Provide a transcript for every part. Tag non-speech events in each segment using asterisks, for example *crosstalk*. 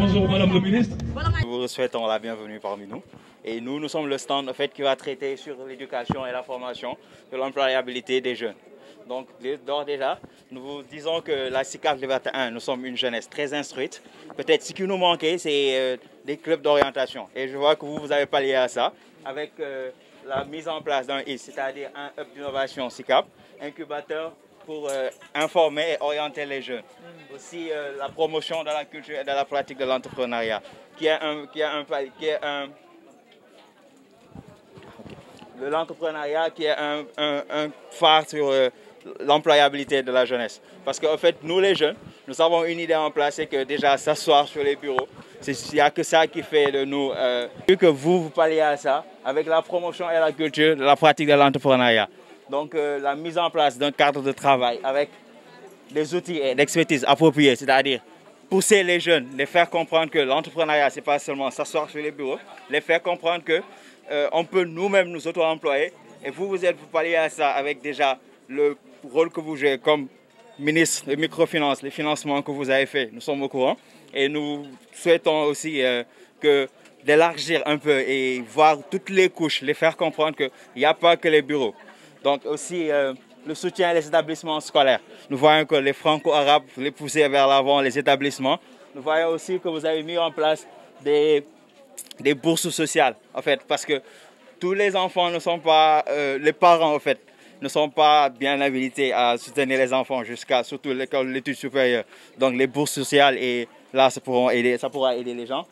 Bonjour Madame le ministre. Nous vous souhaitons la bienvenue parmi nous. Et nous, sommes le stand en fait, qui va traiter sur l'éducation et la formation de l'employabilité des jeunes. Donc, d'ores déjà, nous vous disons que la CICAF 21, nous sommes une jeunesse très instruite. Peut-être ce qui nous manquait, c'est euh, des clubs d'orientation. Et je vois que vous, avez pallié à ça avec euh, la mise en place d'un I, cest à d'innovation CICAP, incubateur pour euh, informer et orienter les jeunes. Mm. Aussi euh, la promotion de la culture et de la pratique de l'entrepreneuriat, qui est un, un, qui est un de un, un, un phare sur euh, l'employabilité de la jeunesse. Parce que fait, nous les avons une idée en que déjà s'asseoir sur les bureaux, il a que vous, vous à ça, avec la promotion et la culture, la pratique de l'entrepreneuriat. Donc, euh, la mise en place d'un cadre de travail avec des outils et d'expertise appropriés, c'est-à-dire pousser les jeunes, les faire comprendre que l'entrepreneuriat, ce n'est pas seulement s'asseoir sur les bureaux, les faire comprendre que euh, on peut nous-mêmes nous, auto-employer. Et vous, vous êtes vous palliez à ça avec déjà le rôle comme ministre de microfinance, les financements que vous avez faits, nous sommes au courant. aussi euh, que d'élargir un peu et voir toutes les couches, les faire comprendre qu'il n'y a pas que les bureaux. Donc aussi euh, le soutien à les établissements scolaires. Nous voyons que les franco-arabes, les pousser vers l'avant, les établissements. Nous voyons aussi que vous avez mis en place des, des bourses sociales, en fait, parce que tous les enfants ne sont pas, euh, les parents, en fait, ne sont pas bien habilités à soutenir les enfants jusqu'à surtout l'école, l'étude supérieure. Donc les bourses sociales, et là, ça, pourront aider, ça pourra aider les gens.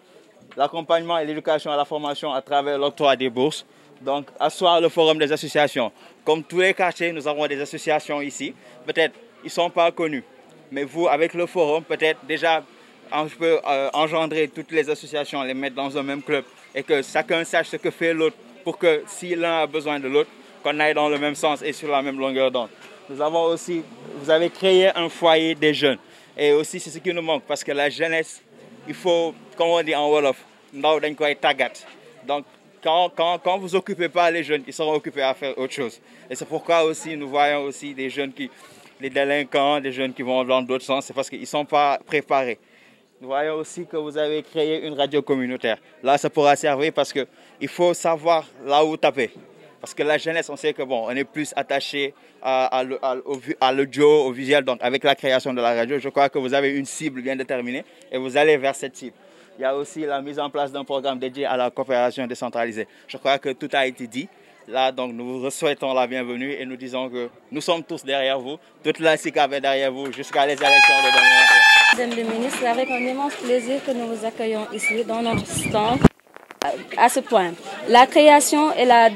L'accompagnement et l'éducation à la formation à travers des bourses. Donc, à soir, le forum des associations. Comme tous les quartiers, nous avons des associations ici. Peut-être, ils ne sont pas connus. Mais vous, avec le forum, peut-être déjà, je peux euh, engendrer toutes les associations, les mettre dans un même club. Et que chacun sache ce que fait l'autre pour que si l'un a besoin de l'autre, qu'on aille dans le même sens et sur la même longueur d'onde. Nous avons aussi, vous avez créé un foyer des jeunes. Et aussi, c'est ce qui nous manque parce que la jeunesse, il faut, comme on dit en Wolof, donc quand, quand, quand vous occupez pas les jeunes, ils seront occupés à faire autre chose. Et c'est pourquoi aussi nous voyons aussi des jeunes qui, les délinquants, des jeunes qui vont dans d'autres sens, c'est parce qu'ils ne sont pas préparés. Nous voyons aussi que vous avez créé une radio communautaire. Là, ça pourra servir parce qu'il faut savoir là où taper. Parce que la jeunesse, on sait que bon, on est plus attaché à, à, à, à l'audio, au visuel. Donc, avec la création de la radio, je crois que vous avez une cible bien déterminée et vous allez vers cette cible. Il y a aussi la mise en place d'un programme dédié à la coopération décentralisée. Je crois que tout a dit. Là, donc, nous vous souhaitons la bienvenue et nous disons que nous sommes tous derrière vous. Toute la CICAV derrière vous jusqu'à les de ministre, c'est plaisir que nous vous accueillons ici dans notre stand à ce point. La création et la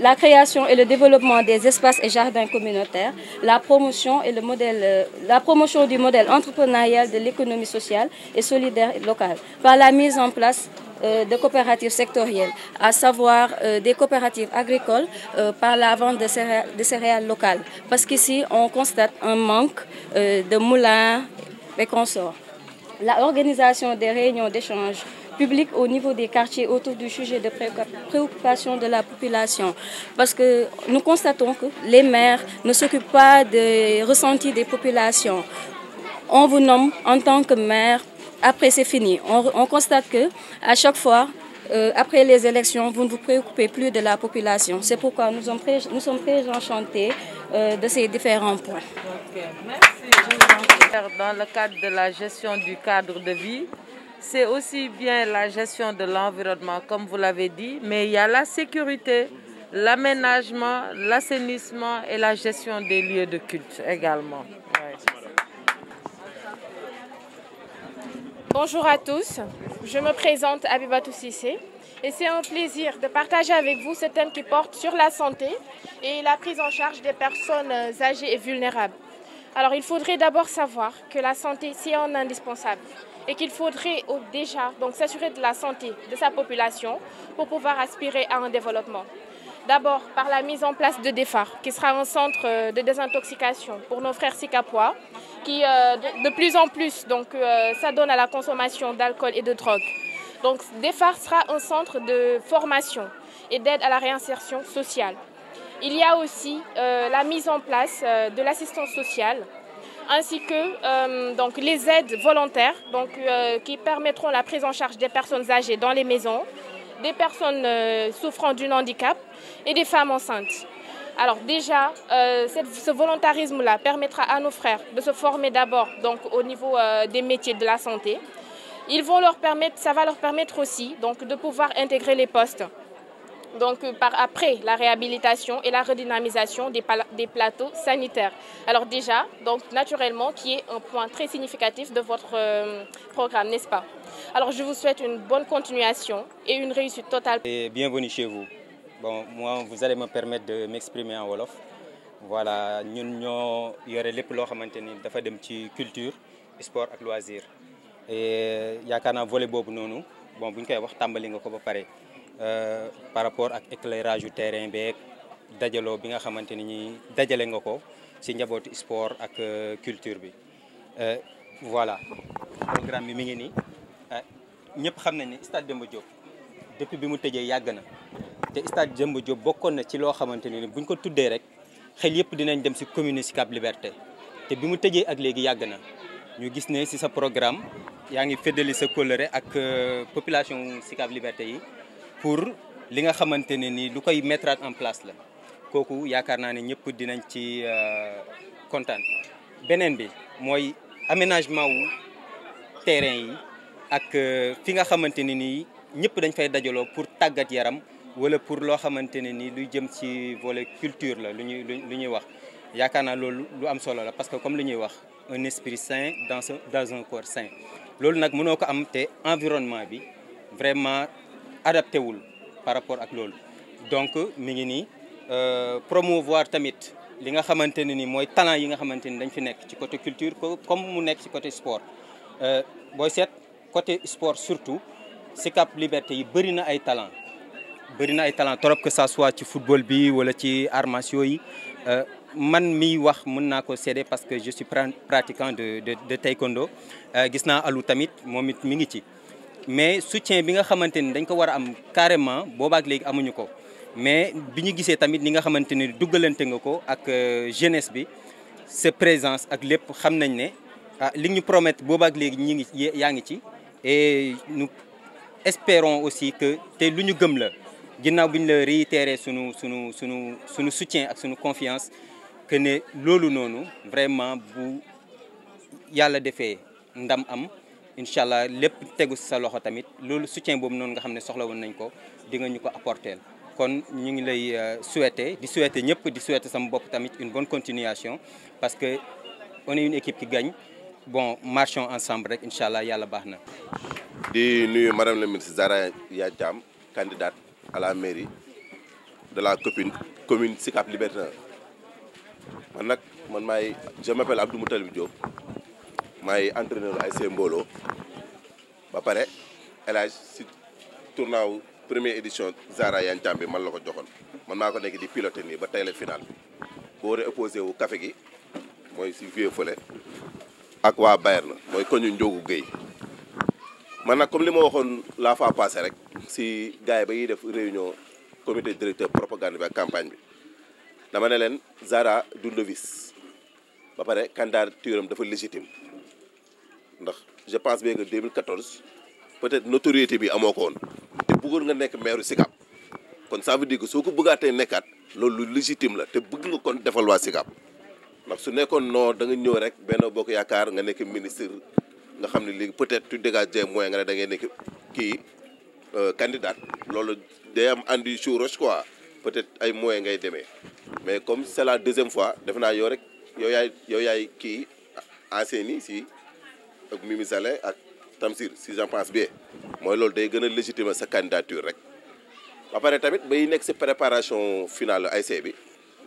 la création et le développement des espaces et jardins communautaires, la promotion, et le modèle, euh, la promotion du modèle entrepreneurial de l'économie sociale et solidaire locale par la mise en place euh, de coopératives sectorielles, à savoir euh, des coopératives agricoles euh, par la vente de céréales, de céréales locales. Parce qu'ici, on constate un manque de moulins et consorts. La organisation des réunions d'échange publique au niveau des quartiers autour du sujet de pré préoccupation de la population. Parce que nous constatons que les maires ne s'occupent pas des ressentis des populations. On vous nomme en tant que maire, après c'est fini. On, on, constate que à chaque fois, euh, après les élections, vous ne vous préoccupez plus de la population. C'est pourquoi nous sommes très, nous sommes très enchantés euh, de ces différents points. la gestion du de vie, c'est aussi bien la gestion de l'environnement, comme vous l'avez dit, mais il y a la sécurité, l'aménagement, l'assainissement et la gestion des lieux de culte également. Ouais. Bonjour à tous, je me présente Abibatou Sissé et c'est un plaisir de partager avec vous ce thème qui porte sur la santé et la prise en charge des personnes âgées et vulnérables. Alors il faudrait d'abord savoir que la santé, c'est un indispensable. et qu'il faudrait déjà donc s'assurer de la santé de sa population pour pouvoir aspirer à un développement. D'abord par la mise en place de DEFAR, qui sera un centre euh, de désintoxication pour nos frères sicapois, qui euh, de plus en plus donc euh, s'adonne à la consommation d'alcool et de drogue. Donc DEFAR sera un centre de formation et d'aide à la réinsertion sociale. Il y a aussi la mise en place de l'assistance sociale ainsi que euh, donc les aides volontaires donc, euh, qui permettront la prise en charge des personnes âgées dans les maisons, des personnes euh, souffrant d'un handicap et des femmes enceintes. Alors déjà, euh, cette, ce volontarisme-là permettra à nos frères de se former d'abord donc au niveau euh, des métiers de la santé. Ils vont leur permettre, ça va aussi donc de pouvoir intégrer les postes donc euh, par après la réhabilitation et la redynamisation des, des plateaux sanitaires. Alors déjà, donc naturellement, qui est un point très significatif de votre euh, programme, n'est-ce pas Alors je vous souhaite une bonne continuation et une réussite totale. Et bienvenue chez vous. vous allez me permettre de m'exprimer en wolof. Voilà, ñun ñoo yore lépp loo xamante ni dafa dem ci culture sport ak loisir et yaakaar naa volet boobu noonu bon bu ñu koy wax tàmbali nga ko ba pare. Euh, par rapport ak éclairage yu terrain beeg dajaloo bi nga xamante ni ñi dajale nga ko ci njabootu sport ak euh, culture bi euh, voilà programme bi mu ngi nii ñëpp xam nañ ni stade Demba Diop depuis bi mu tëjee yàgg na te stade Demba Diop bokkoon na ci loo xamante ni buñ ko tuddee rek xel yëpp dinañ dem ci commune Sicap Liberté te bi mu tëjee ak léegi yàgg na ñu gis ne ci sa programme yaa ngi féddali sa kóllëre ak population Sicap Liberté yi pour li nga xamante ne ni lu koy mettre en place la kooku yaakaar naa ne ñëpp dinañ ci euh, kontaan. beneen bi mooy aménagement wu terrain yi ak euh, fi nga xamante ne nii ñëpp dañ fay dajaloo pour tàggat yaram wala pour loo xamante ne nii luy jëm ci volet culture la lu ñuy lu ñuy wax. yaakaar naa loolu lu am solo la parce que comme li ñuy wax un esprit sain dans un dans un corps sain loolu nag mënoo ko am te environnement bi vraiment. adapté wul par rapport ak loolu donc mi ngi nii euh, promouvoir tamit li nga xamante ne ni mooy talent yi nga xamante ni dañ fi nekk ci côté culture comme mu nekk ci côté sport euh, booy set côté sport surtout Sicap Liberté yi bëri na ay talent bëri na ay talent trop que ça soit ci football bi wala ci arts martiaux yi euh, man miy wax mën naa ko seede parce que je suis pratiquant de de de taekwondo gis naa alu tamit moom it mi ngi ci mais soutien bi nga xamante ni dañ ko war a am carrément boobaak léegi amuñu ko mais bi ñu gisee tamit ni nga xamante ni duggalante nga ko ak euh, jeunesse bi sa présence ak lépp xam nañ ne ah li ñu promettre boobaak léegi ñi ngi yaa ngi ci et nous espérons aussi que te lu ñu gëm la ginnaaw bi ñu la réitéré sunu sunu sunu sunu soutien ak sunu confiance que ne loolu noonu vraiment bu yàlla defee ndam am incha allah lépp tegu sa loxo tamit loolu soutien boobu noonu nga xam ne soxla woon nañ ko di ñu ko apporter kon ñu ngi lay euh, souhaiter di souhaiter ñëpp di souhaiter sama bopp tamit une bonne continuation parce que on est une équipe qui gagne bon marchons ensemble rek incha allah yàlla baax na. di nuyu madame la ministre Zahra Iyane Thiam candidate à la mairie de la commune commune Sicap Liberté man nag man maay je m'appelle Abdou Moutalib Diop. maay entraîneur ASC Mbolo ba pare El Hadj si tournoi wu première édition Zara Yantam bi man la ko joxoon man maa ko nekk di piloté nii ba tey la final boo waree opposé wu café gi mooy si vieux fële ak waa na mooy koñu Ndiogu Guèye man nag comme li ma waxoon la fois passé rek si gars ba ñuy def réunion comité directeur propagande bi ak campagne bi dama ne leen Zara du novice ba pare candidature am dafa légitime ndax je pense bien que 2014 peut-être notoriété bi amoo ko woon te bëggoon nga nekk maire Sicap kon ça veut soo ko bëggaatee nekkaat loolu lu légitime la te bëgg nga kon defal waa Sicap ndax su nekkoon non da nga ñëw rek benn bokk yaakaar nga nekk ministre nga xam ne léegi peut-être tu dégages des moyens nga ne da ngay nekk kii euh, candidat loolu day am andi chouroche quoi peut-être ay moyens ngay demee mais comme c'est la deuxième fois def naa yow rek yow yaay yow yaay kii ancien yi si ak Mimi ak Tamsir si j'en pense bi mooy loolu day gën a légitimer sa candidature rek ba pare tamit bay nekk si préparation finale ASC bi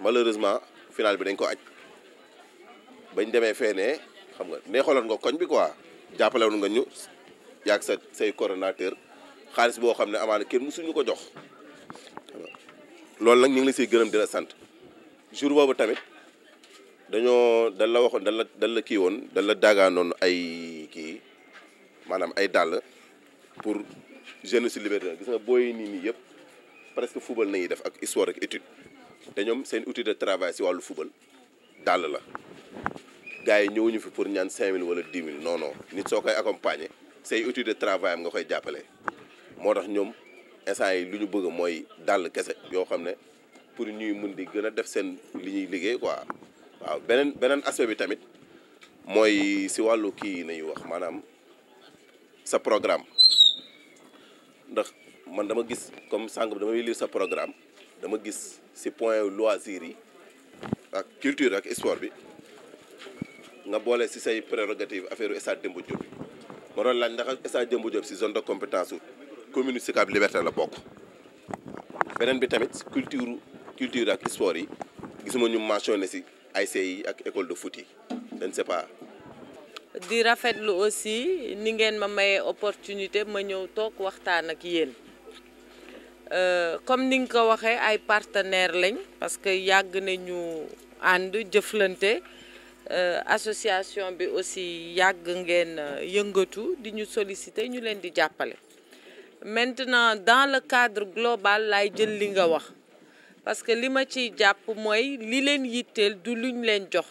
malheureusement finale bi dañ ko aj bañ demee feenee xam nga nee xooloon nga koñ bi quoi jàppale nga ñu yàgg sa say coronateur xaalis boo xam ne amaana kenn mësuñu ko jox loolu nag ñu ngi la siy gërëm di sant jour boobu tamit dañoo dañ la waxoon dal la dañ la kii woon dal la daagaanoon ay kii maanaam ay dàll pour jeunesse liberté gis nga booy nii nii yëpp presque football nañuy def ak histoire ak étude te ñoom seen outil de travail si wàllu football dàll la gars yi ñëwuñu fi pour ñaan 5000 wala 10 000 non non nit soo koy accompagner say outil de travail am nga koy jàppale moo tax ñoom instant yi lu ñu bëgg mooy dàll kese yoo xam ne pour ñuy mun di gën a def seen li ñuy liggéey quoi. waaw beneen beneen aspect bi tamit mooy si wàllu kii yi nañu wax maanaam sa programme ndax man dama gis comme sànq dama lire sa programme dama gis si point loisir yi ak culture ak sport bi nga boole si say prérogative affaire stade Demba Diop ma doon laaj ndax stade Demba Diop si zone de compétence u commune Sicap Liberté la bokk beneen bi tamit culture culture ak sport yi gisuma ñu mentionné si ASC yi ak école de foot yi je pas. di rafetlu aussi ni ngeen ma mayee opportunité ma ñëw toog waxtaan ak yéen euh, comme ni nga ko waxee ay partenaires lañ parce que yàgg na ñu ànd jëflante euh, association bi aussi yàgg ngeen euh, yëngatu di ñu solliciter ñu leen di jàppale maintenant dans le cadre global laay jël li nga wax. parce que li ma ci jàpp mooy li leen yitteel du luñ leen jox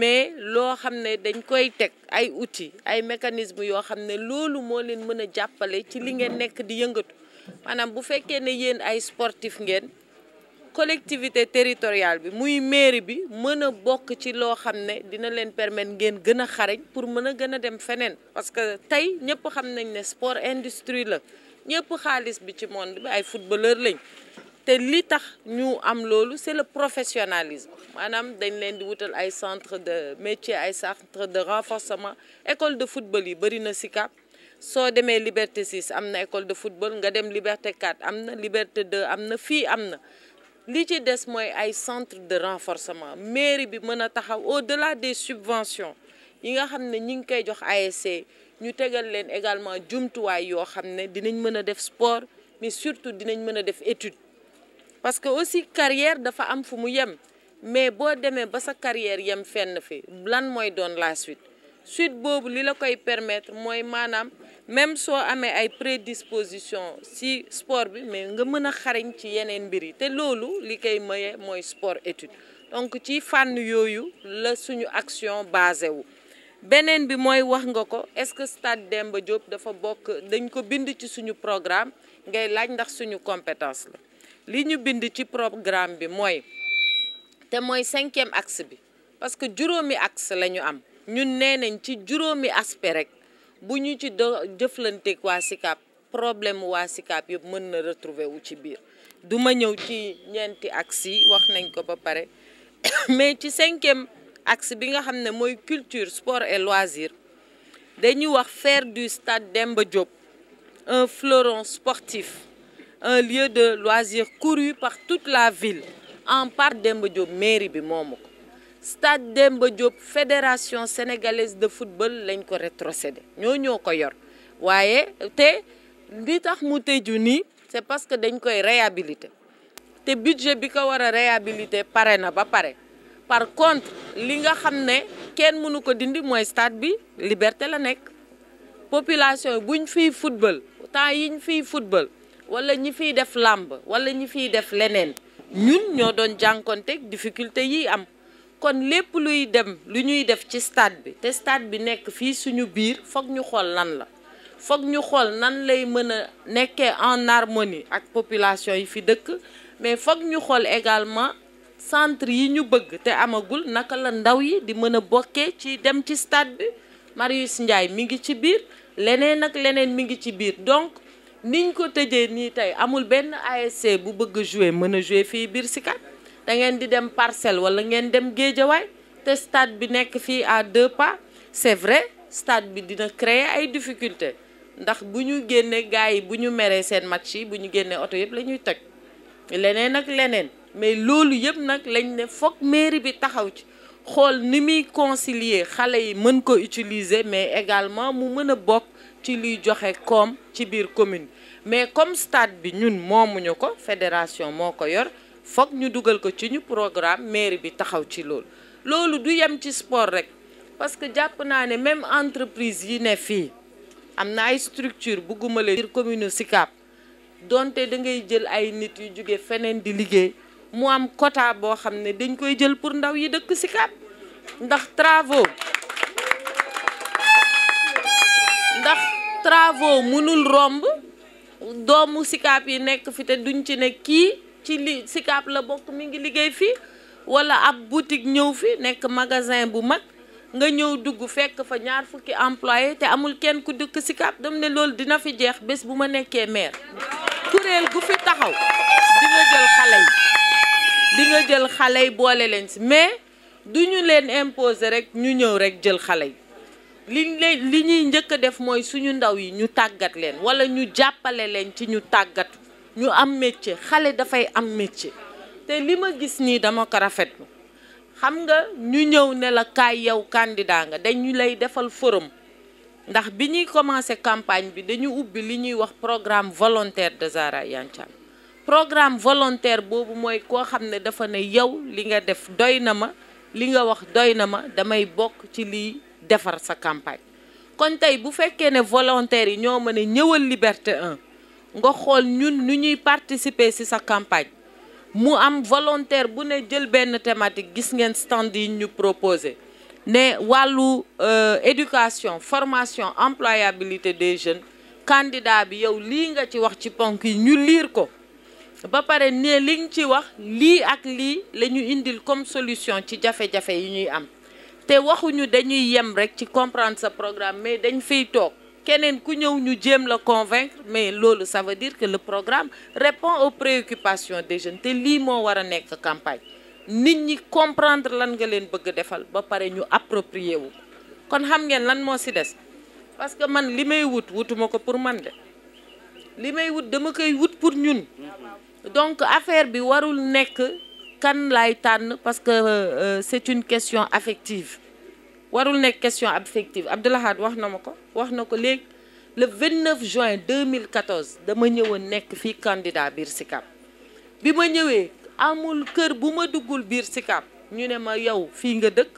mais loo xam ne dañ koy teg ay outils ay mécanismes yoo xam ne loolu moo leen mën a jàppale ci li ngeen nekk di yëngatu maanaam bu fekkee ne yéen ay sportif ngeen collectivité territoriale bi muy mairie bi mën a bokk ci loo xam ne dina leen permettre ngeen gën a xarañ pour mën a gën a dem feneen parce que tey ñëpp xam nañ ne sport industrie la ñëpp xaalis bi ci monde bi ay footballeur lañ te li tax ñu am loolu c'est le professionnalisme maanaam dañ leen di wutal ay centre de métier ay centre de renforcement école de football yi bëri na Sicap soo demee Liberté 6 am na école de football nga dem Liberté 4 am na Liberté de am na fii am na li ci des mooy ay centre de renforcement mairie bi mën a taxaw au-delà des subventions yi nga xam ne ñi ngi koy jox ASC ñu tegal leen également jumtuwaay yoo xam ne dinañ mën a def sport mais surtout dinañ mën a def étude parce que aussi carrière dafa am fu mu yem mais boo demee ba sa carrière yem fenn fi lan mooy doon la suite suite boobu li la koy permettre mooy maanaam même soo amee ay prédisposition si sport bi mais nga mën a xarañ ci yeneen mbir yi te loolu li koy maye mooy sport étude donc ci fànn yooyu la suñu action basé wu beneen bi mooy wax nga ko est-ce que stade Demba Diop dafa bokk dañ ko bind ci suñu programme ngay laaj ndax suñu compétence la li ñu bind ci programme bi mooy te mooy cinquième axe bi parce que juróomi axe la ñu am ñun nee nañ ci juróomi aspect rek bu ñu ci do jëflanteek waa SICAP problème waa SICAP yëpp mën na retrouver wu ci biir du ma ñëw ci ñeenti axe yi wax nañ ko ba pare *coughs* mais ci cinquième axe bi nga xam ne mooy culture sport et loisir dañuy wax faire du stade Demba Diop un fleuron sportif un lieu de loisir couru par toute la ville en part Demba Diop mairie bi moomu ko stade Demba Diop fédération sénégalaise de football lañ ko rétrocédé ñoo ñoo ko yor waaye te li tax mu tëju nii c'est parce que dañ koy réhabiliter te budget bi ko war a réhabiliter pare na ba pare par contre li nga xam ne kenn mënu ko dindi mooy stade bi liberté la nekk population buñ fiy football temps yiñ fiy football wala ñi fiy def làmb wala ñi fiy def leneen ñun ñoo doon jànkonteeg difficulté yi am kon lépp luy dem lu ñuy def ci stade bi te stade bi nekk fii suñu biir foog ñu xool nan la foog ñu xool nan lay mën a nekkee en harmonie ak population yi fi dëkk mais foog ñu xool également centre yi ñu bëgg te amagul naka la ndaw yi di mën a bokkee ci dem ci stade bi Marius Ndiaye mi ngi ci biir leneen ak leneen mi ngi ci biir donc niñ ko tëjee nii tey amul benn ASC bu bëgg a jouer mën a jouer fii biir Sicap da ngeen di dem parcelle wala ngeen dem géejawaay te stade bi nekk fii à deux pas c'est vrai stade bi dina créer ay difficultés ndax bu ñu génnee gars yi bu ñu meree seen match yi bu ñu génnee oto yëpp la ñuy toj leneen ak leneen mais loolu yëpp nag lañ ne foog mairie bi taxaw ci xool ni muy concilier xale yi mën ko utiliser mais également mu mën a bokk ci luy joxe koom ci biir commune mais comme stade bi ñun moomuñu ko fédération moo ko yor foog ñu dugal ko ci ñu programme mairie bi taxaw ci loolu loolu du yem ci sport rek parce que jàpp naa ne même entreprise yi ne fii am na ay structure bugguma leen dir commune Sicap donte da ngay jël ay nit yu jóge feneen di liggéey mu am quota boo xam ne dañ koy jël pour ndaw yi dëkk Sicap ndax travaux ndax travaux mënul romb doomu sikaab yi nekk fi te duñ ci nekk kii ci li sikaab la bokk mi ngi liggéey fii wala ab boutique ñëw fi nekk magasin bu mag nga ñëw dugg fekk fa ñaar fukki employé te amul kenn ku dëkk sikaab dem ne loolu dina fi jeex bés bu ma nekkee maire kuréel gu fi taxaw di jël xale yi di nga jël xale yi boole leen si mais du ñu leen imposer rek ñu ñëw rek jël xale yi liñ leen li ñuy njëkk a def mooy suñu ndaw yi ñu tàggat leen wala ñu jàppale leen ci ñu tàggatu ñu am métier xale dafay am métier te li ma gis nii dama ko rafetlu xam nga ñu ñëw ne la kaay yow candidat nga dañu lay defal forum ndax bi ñuy commencé campagne bi dañu ubbi li ñuy wax programme volontaire de Zahra Iyane programme volontaire boobu mooy koo xam ne dafa ne yow li nga def doy na ma li nga wax doy na ma damay bokk ci lii defar sa campagne kon tey bu fekkee ne volontaires yi ñoo mën a ñëwal Liberté 1 nga xool ñun nu ñuy participer ci sa campagne mu am volontaire bu ne jël benn thématique gis ngeen stand yi ñu proposé ne wàllu euh, éducation formation employabilité des jeunes candidat bi yow lii nga ci wax ci ponk yi ñu liir ko ba pare ne liñ ci wax lii ak lii la ñu indil comme solution ci jafe-jafe yi ñuy am te waxuñu dañuy yem rek ci comprendre sa programme mais dañ fiy toog keneen ku ñëw ñu jéem la convaincre mais loolu ça veut dire que le programme répond aux préoccupations des jeunes te lii moo war a nekk campagne nit ñi comprendre lan nga leen bëgg defal ba pare ñu approprier wu kon xam ngeen lan moo si des parce que man li may wut wutuma ko pour man de li may wut dama koy wut pour ñun donc affaire bi warul nekk kan laay tànn parce que euh, c'est une question affective warul nekk question affective Abdoulahad wax na ma ko wax na ko léegi le 29 juin 2014 dama ñëwoon nekk fii candidat biir Sicap bi ma ñëwee amul kër bu ma duggul biir Sicap ñu ne ma yow fii nga dëkk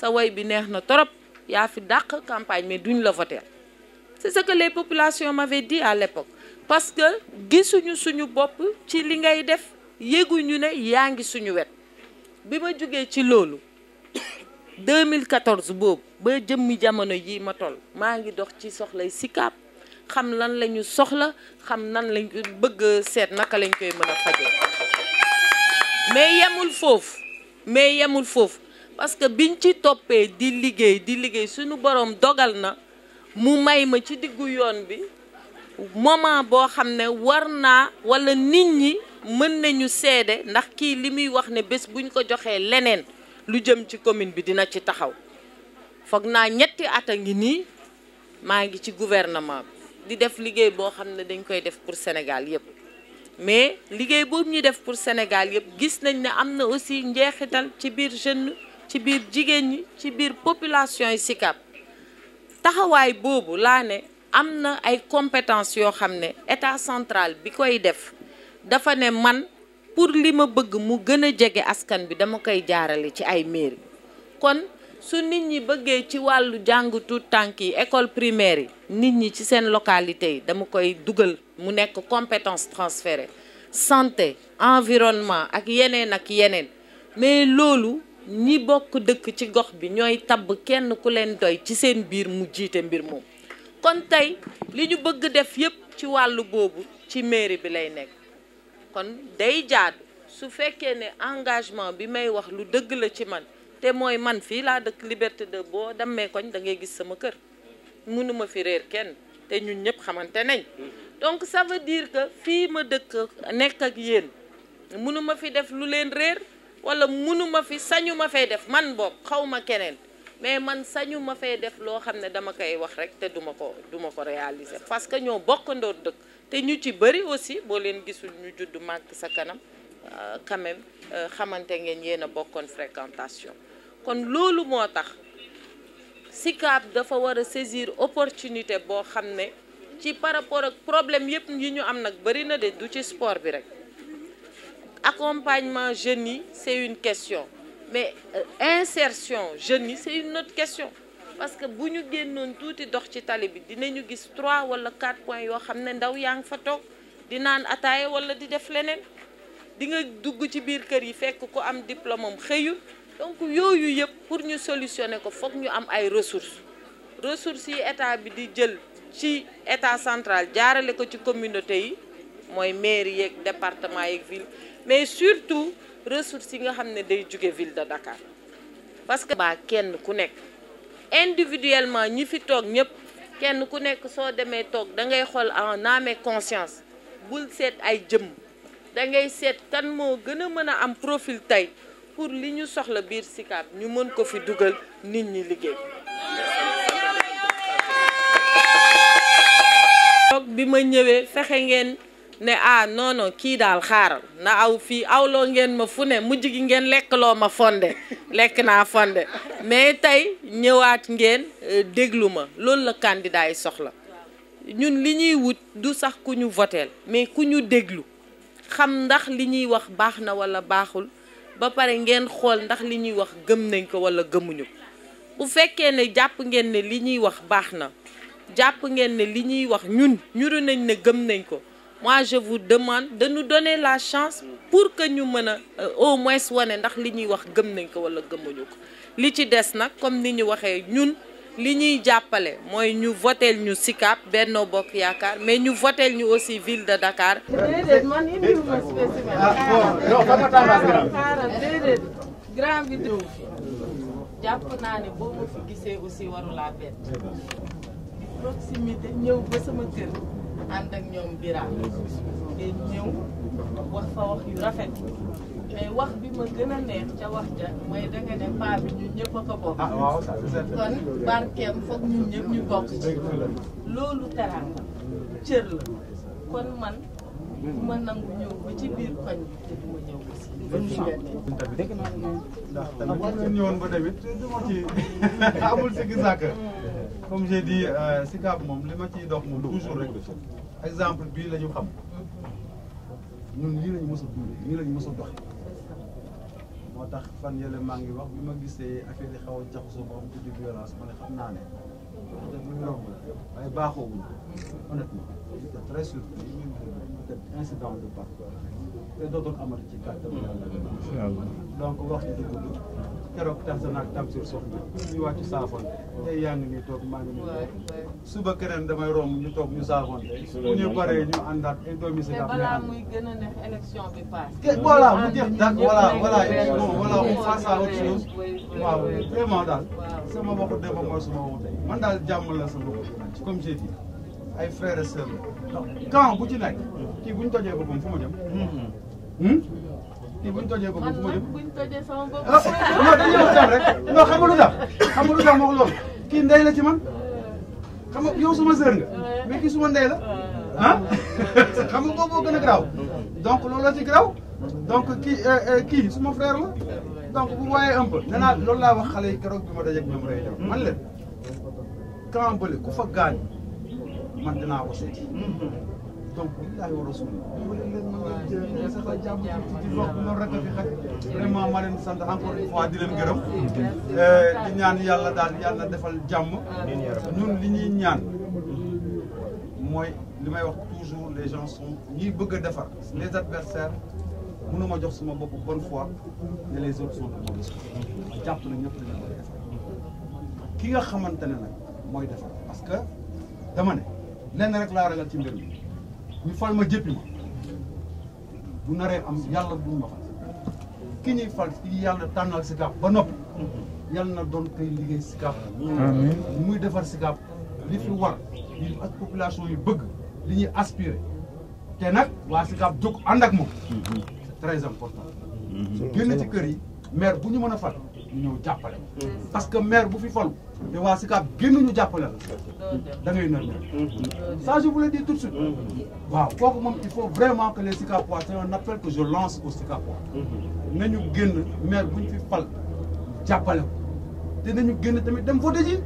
sa woy bi neex na trop yaa fi dàq campagne mais duñ la voter c'est ce que les populations m'avaient dit à l'époque parce que gisuñu suñu bopp ci li ngay def yéguñu ne yaa ngi suñu wet bi ma jógee ci loolu 2014 *coughs* boobu ba jëmmi jamono ji ma toll maa ngi dox ci soxlay Sicap xam lan lañu soxla xam nan lañ bëgg seet naka lañ koy mën a faje mais yemul foofu mais yemul foofu parce que biñ ci toppee di liggéey di liggéey suñu borom dogal na mu may ma ci diggu yoon bi moment boo xam ne war naa wala nit ñi mën nañu seede ndax kii li muy wax ne bés buñ ko joxee leneen lu jëm ci commune bi dina ci taxaw foog naa ñetti at a ngi nii maa ngi ci gouvernement bi di def liggéey boo xam ne dañ koy def pour Sénégal yëpp mais liggéey boobu ñuy def pour Sénégal yëpp gis nañ ne am na aussi njeexital ci biir jeune ci biir jigéen ñi ci biir population yi Sicap taxawaay boobu laa ne am na ay compétence yoo xam ne état central bi koy def dafa ne man pour li ma bëgg mu gën a jege askan bi dama koy jaarale ci ay mairie kon su nit ñi bëggee ci wàllu jàng tuut tànk yi école primaire yi nit ñi ci seen localité yi dama koy dugal mu nekk compétence transférée santé environnement ak yeneen ak yeneen mais loolu ñi bokk dëkk ci gox bi ñooy tabb kenn ku leen doy ci seen biir mu jiite mbir moom kon tey li ñu bëgg def yépp ci wàllu boobu ci mairie bi lay nekk kon day jaad su fekkee ne engagement bi may wax lu dëgg la ci man te mooy man fii laa dëkk Liberté de boo demee koñ da ngay gis sama kër mënuma fi réer kenn te ñun ñëpp xamante nañ donc ça veut dire que fii ma dëkk nekk ak yéen mënuma fi def lu leen réer wala mënuma fi sañuma fee def man boog xaw keneen mais man sañu ma fay def loo xam ne dama koy wax rek te duma ko duma ko réaliser parce que ñoo bokkandoo dëkk te ñu ci bëri aussi boo leen gisul ñu juddu màgg sa kanam euh, quand même euh, xamante ngeen yéen a bokkoon fréquentation kon loolu moo tax SICAP dafa war a saisir opportunité boo xam ne ci par rapport ak problème yëpp yi ñu am nag bëri na de du ci sport bi rek accompagnement jeunes yi c'est une question mais euh, insertion jeunes yi c'est une autre question parce que bu ñu génnoon tuuti dox ci tali bi dinañu gis trois wala quatre points yoo xam ne ndaw yaa ngi fa toog di naan ataaya wala di def leneen di nga dugg ci biir kër yi fekk ko am diplôme am xëyul donc yooyu yëpp pour ñu solutionner ko foog ñu am ay ressources ressources yi état bi di jël ci état central jaarale ko ci communauté yi mooy mairie yeeg département yeeg ville mais surtout ressources yi nga xam ne day jóge ville de Dakar parce que baa kenn ku nekk individuellement ñi fi toog ñëpp kenn ku nekk soo demee toog dangay ngay xool en âme et conscience bul seet ay jëmm dangay seet kan moo gën a mën a am profil tey pour li ñu soxla biir Sicap ñu mën ko fi dugal nit ñi liggéey. toog bi ma ñëwee fexe ngeen. ne ah non kii daal xaaral na aw fii awloo ngeen ma fu ne mujj gi ngeen lekkloo ma fonde *laughs* lekk naa fonde mais tey ñëwaat ngeen euh, déglu ma loolu la candidat soxla ñun li ñuy wut du sax ku ñu voteel mais ku ñu déglu xam ndax li ñuy wax baax na wala baaxul ba pare ngeen xool ndax li ñuy wax gëm nañ ko wala gëmuñu bu fekkee ne jàpp ngeen ne li ñuy wax baax na jàpp ngeen ne li ñuy wax ñun ñuru nañ ne gëm nañ ko moi je vous demande de nous la chance pour que ñu mën a euh, au moins wane ndax li ñuy wax gëm nañ ko walla gëmuñu ko li ci des nag comme ni ñu waxee ñun li ñuy jàppale mooy ñu voteel ñu SICAP Benno Bokk Yaakaar mais ñu voteel ñu aussi ville de Dakar. déedéet man indiwuma spécimen. Ah, déedéet grand vidéo jàpp naa ne boo ma fi gisee aussi waru laa proximité ñëw ba sama kër. ànd ak ñoom Birame ngeen ñëw wax fa wax yu rafet mais wax bi ma gën a neex ca wax ja mooy danga ne paa bi ñun ñëpp a ko bokk ah, kon barkeem foog ñun ñëpp ñu bokk ci loolu teraanga cër la kon man ma nangu ñëw ba ci biir koñ bi te du ma ñëw aussi dégg naa ndax tamit ba tamit du ma ci *laughs* amul sikki sàkk mm. comme j'ai dit euh, si moom li ma ciy dox moom toujours rek exemple bii la ñu xam ñun lii lañu mos a dund lii lañu mos a moo tax fan yële maa ngi wax bi ma gisee affaire yi xaw a jaxasoo ba am tuuti violence ma ne xam naa ne te lu ñu romb la waaye baaxoowul honnêtement j'étais très surpris peut-être incident de parcours te dootul amati ci kàttan yàlla donc wax ji du keroog tax na ak Tamsir soxna ñu wàcc saafonte tey yaa ngi nii toog maa ngi nii toog suba keneen damay romb ñu toog ñu saafonte bu ñu paree ñu àndaat indomisé mais balaa muy gën a neex élection bi paase voilà mu jeex daal voilà voilà bon voilà on passe à autre chose waaw vraiment daal sama waxu démb suma waxu tey man daal jàmm la sama waxu comme j'ai dit ay frères et sœurs bu ci nekk kii bu ñu tojee boppam fu ma jëm hmm. Hmm? bu ñu tojee boppam fu ma jëm man nag bu ñu tojee sama bopp. Ah, non dañuy waxtaan rek non xam nga lu tax xam nga lu kii ndey la ci man xam nga yow suma sër nga mais kii suma ndey la ah *laughs* xam nga boobu gën a garaaw donc loolu la ci garaaw donc kii euh, euh, kii suma frère la donc bu wooyee un peu naa loolu laa wax xale yi keroog bi ma dajeeg ñoom rey ñoom man leen camp bële ku fa gaañ man dinaa ko donc billahi wa rasul vraiment ma leen sant encore une fois di leen gërëm euh, di ñaan yàlla daal yàlla defal jàmm ñun li ñuy ñaan mooy li may wax toujours les gens sont ñuy bëgg a defar mun adversaires ma jox suma bopp bon foi ne les autres sont de mauvaise foi jàpp na ñëpp ki nga xamante ne nag mooy defar parce que dama ne lenn rek laa ragal ci mbir ñu fal ma jëppi ma bu naree am yàlla bu ma fal ki ñuy fal ki yàlla tànnal Sicap ba noppi yàlla na doon koy liggéey Sicap muy defar Sicap li fi war yi ak population yu bëgg li ñuy aspiré te nag waa Sicap jóg ànd ak moom c'est mhm. génn ci kër yi maire bu ñu mën a fal ñu ñëw jàppale parce que maire bu fi falu te waa Sicap génn ñu jàppale la da ngay nar ça je vous le dis tout de suite waaw kooku moom il faut vraiment si les Sicapois c'est un appel que je lance aux Sicapois nañu génn maire bu ñu fi fal jàppale ko te nañu génn tamit dem voté ji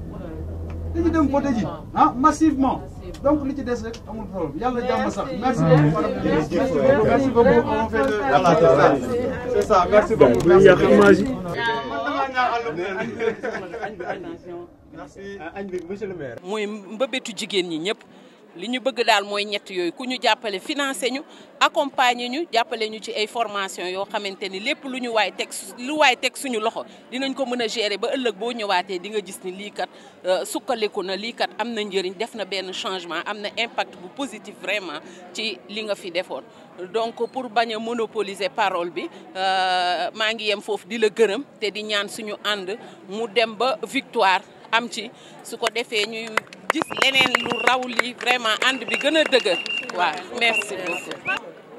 dañu dem voté ji ah, massivement donc li ci des rek amul problème yàlla jàmm sax merci beaucoup merci beaucoup on fait voilà c'est ça merci beaucoup muy mbëbëtu jigéen ñi ñëpp li ñu bëgg daal mooy ñett yooyu ku ñu jàppale financé ñu accompagner ñu jàppale ñu ci ay formation yoo xamante ni lépp lu ñu waaye teg lu waay teg suñu loxo dinañ ko mën a gérer ba ëllëg boo ñëwaatee dinga gis ni lii kat euh, sukkaliku na lii am na njëriñ def na benn changement am na impact bu positif vraiment ci li nga fi defoon. donc pour bañ a monopoliser parole bi euh, maa ngi yem foofu di la gërëm te di ñaan suñu ànd mu dem ba victoire am ci su ko defee ñuy. gis leneen lu raw li vraiment ànd bi gën a dëgër waaw merci beaucoup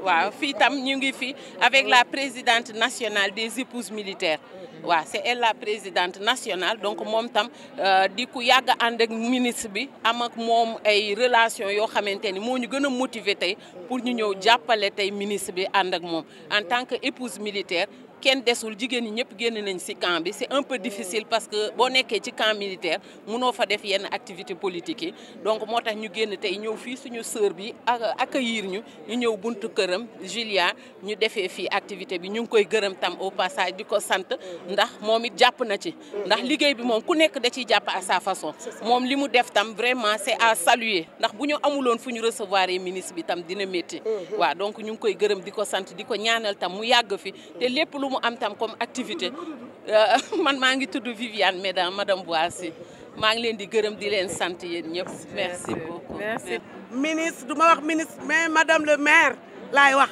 waaw fii tam ñu ngi fi avec la présidente nationale des épouses militaires waa c'est elle la présidente nationale donc moom tam euh, di ku yàgg ànd ak ministre bi am moom ay relation yoo xamante ni moo ñu gën a motiver tey pour ñu ñëw jàppale tey ministre bi ànd ak moom en tant que épouse militaire kenn desul jigéen ñi ñëpp génn nañu ci camp bi c'est un peu difficile parce que boo nekkee ci camp militaire munoo fa def yenn activité politique yi donc moo tax ñu génn tey ñëw fii suñu sœur bi ak yiir ñu ñu ñëw buntu këram Julia ñu defee fii activité bi ñu ngi koy gërëm tam au passage di ko sant ndax moom it jàpp na ci ndax liggéey bi moom ku nekk da ciy jàpp à sa façon moom li mu def tam vraiment c'est à saluer ndax bu ñu amuloon fu ñu recevoir ministre bi tam dina métti mm-hmm. waaw donc ñu ngi koy gërëm di ko sant di ko ñaanal tam mu yàgg fi lu mu am tam comme activité euh, *laughs* man maa ngi tudd Viviane mesdames madame Boissy maa ngi leen di gërëm di leen sant yéen ñëpp. merci beaucoup ministre du ma wax ministre mais madame le mair laay wax.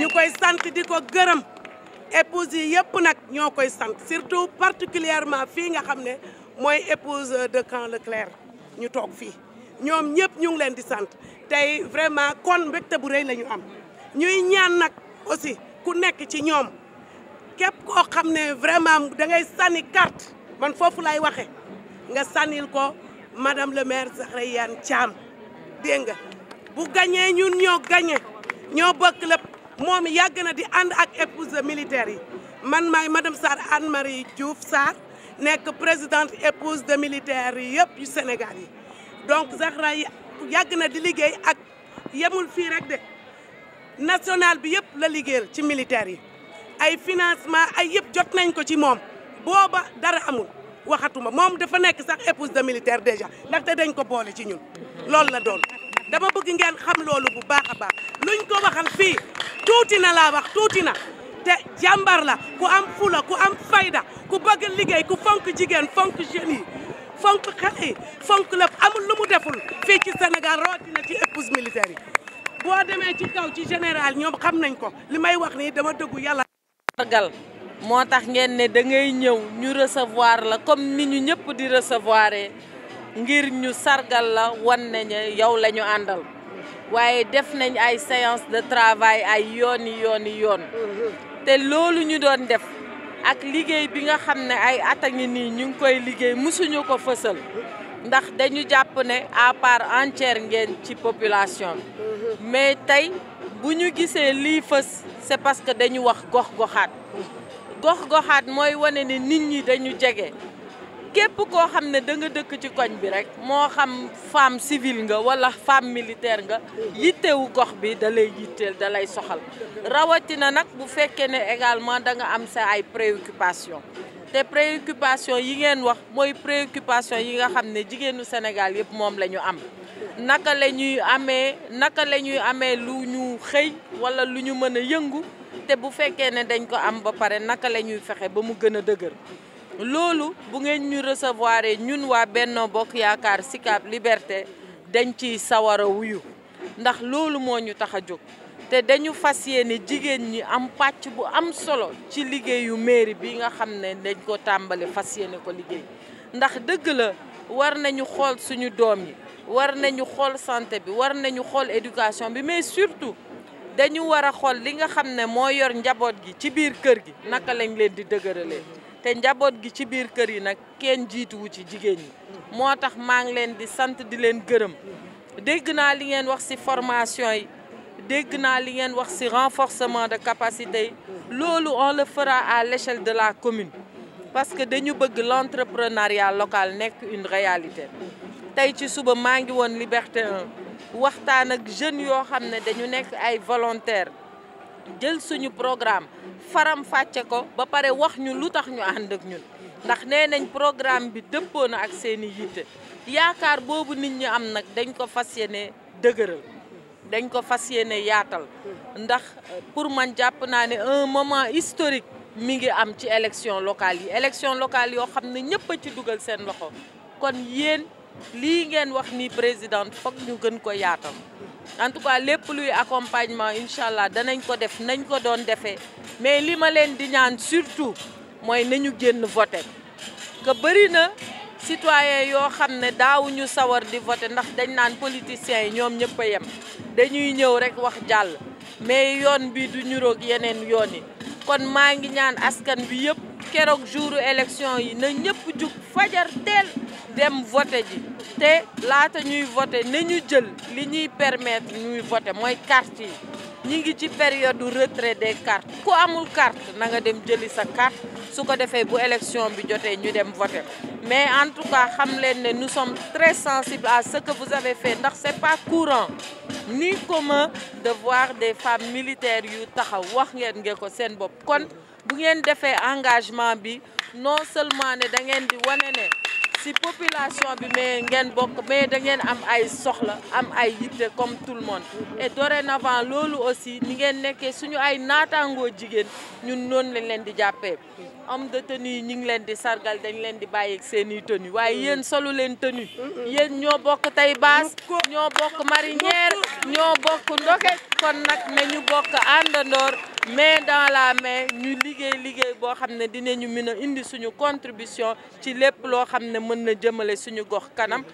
ñu koy sant di ko gërëm. épouse yi yëpp nag ñoo koy sant surtout particulièrement fii nga xam ne mooy épouse de Camp Leclerc ñu toog fii ñoom ñëpp ñu leen di sant tey vraiment kon mbégte bu lañu am ñuy ñaan nag aussi ku nekk ci ñoom. képp koo xam ne vraiment da ngay sànni carte man foofu lay waxe nga sànnil ko madame le maire Zahra Iyane Thiam nga bu gañee ñun ñoo gañe ñoo bokk lépp moom yàgg na di ànd ak épouse militaire yi man may madame Sarr Anne Marie Diouf Sarr nekk présidente épouse de militaire yi yëpp yu Sénégal yi donc Zahra yàgg na di liggéey ak yemul fii rek de national bi yëpp la liggéeyal ci militaire yi ay financement ay yëpp jot nañ ko ci moom booba dara amul waxatuma moom dafa nekk sax épouse de militaire déjà ndaxte dañ ko boole ci ñun loolu la doon dama bëgg ngeen xam loolu bu baax a baax luñ ko waxal fii tuuti na laa wax tuuti na te jàmbar la ku am fula ku am fayda ku bëgg liggéey ku fonk jigéen fonk jeunes yi fonk xale yi fonk lépp amul lu mu deful fii ci Sénégal rawatina ci épouse militaire yi boo demee ci kaw ci général ñoom xam nañ ko li may wax dama dëggu yàlla sargal moo tax ngeen ne da ñëw ñu recevoir la comme ni ñu ñëpp di recevoir e ngir ñu sargal la wan nañu yow la ñu waaye def nañ ay séance de travail ay yooni yooni yoon te loolu ñu doon def ak liggéey bi nga xam ne ay at a nii ñu ngi koy liggéey mësuñu ko fësal ndax dañu jàpp ne à part entière ngeen ci population mm-hmm. mais tey bu ñu gisee lii fës c'est parce que dañu wax gox-goxaat gox-goxaat mooy wane ne nit ñi dañu jege képp koo xam ne danga dëkk ci koñ bi rek moo xam femme civile nga walla femme militaire nga yittewu gox bi da lay yitteel da lay soxal rawatina nag bu fekkee ne également da nga am sa ay préoccupation te préoccupation yi ngeen wax mooy préoccupation yi nga xam ne jigéenu Sénégal yëpp moom la ñu am naka la ñuy amee naka lañuy amee lu ñu xëy walla lu ñu mën a yëngu te bu fekkee ne dañ ko am ba pare naka lañuy fexe ba mu gën a dëgër loolu bu ngeen ñu recevoir ñun waa Benno Bokk Yaakaar Sicap Liberté dañ ciy sawar a wuyu ndax loolu moo ñu tax a jóg te dañu fas yéene jigéen ñi am pàcc bu am solo ci liggéeyu mairie bi nga xam ne dañ ko tàmbali fas yéene ko liggéey ndax dëgg la war nañu xool suñu doom yi war nañu xool santé bi war nañu xool éducation bi mais surtout dañu war a xool li nga xam ne moo yor njaboot gi ci biir kër gi naka lañ leen di dëgëralee te njaboot gi ci biir kër yi nag kenn jiituwu ci jigéen ñi moo tax maa ngi leen di sant di leen gërëm dégg naa li ngeen wax ci formation yi dégg naa li ngeen wax ci renforcement de capacité yi loolu on le fera à l'échelle de la commune parce que dañu bëgg l'entrepreneuriat local nekk une réalité tey ci suba maa ngi woon Liberté 1 waxtaan ak jeunes yoo xam ne dañu nekk ay volontaire jël suñu programme faram fàcce ko ba pare wax ñu lu tax ñu ànd ak ñun ndax nee nañ programme bi dëppoo na ak seeni yitte yaakaar boobu nit ñi am nag dañ ko fas yéene dëgëral dañ ko fas yéene yaatal ndax pour man jàpp naa ne un moment historique mi ngi am ci élection locale yi élection locale yoo xam ne ñëpp a ci dugal seen loxo kon yéen lii ngeen wax ni présidente foog ñu gën ko yaatal en tout cas lépp luy accompagnement incha allah danañ ko def nañ ko doon defee mais li ma leen di ñaan surtout mooy nañu génn voter que bëri na citoyen yoo xam ne daawuñu sawar di voter ndax dañ naan politiciens yi ñoom ñëpp a yem dañuy ñëw rek wax jàll mais yoon bi du ñuroog yeneen yoon yi kon maa ngi ñaan askan bi yëpp keroog jouru élection yi na ñëpp jug fajar teel dem voté ji te laata ñuy voté na ñu jël li ñuy permettre ñuy voté mooy carte yi ñi ngi ci période du retrait des cartes ku amul carte na nga dem jëli sa carte su ko defee bu élection bi jotee ñu dem voté mais en tout cas xam leen ne nous sommes très sensibles à ce que vous avez fait ndax c'est pas courant ni commun de voir des femmes militaires yu taxaw wax ngeen nge ko seen bopp kon bu ngeen defee engagement bi non seulement ne da ngeen di wane ne si population bi mais ngeen bokk mais da ngeen am ay soxla am ay yitte comme tout le monde et dorénavant loolu aussi ni ngeen nekkee suñu ay naataangoo jigéen ñun noonu lañ leen di jàppee homme de tenue ñi ngi leen di sargal dañ leen di bàyyi seeni seen i waaye mm. yéen solu leen tenue yéen ñoo bokk tey baas ñoo bokk marinière ñoo bokk ndoke kon nag na ñu bokk àndandoor mais dans la mais ñu liggéey liggéey boo xam ne dinañu mën a indi suñu contribution ci lépp loo xam ne mën na jëmale suñu gox kanam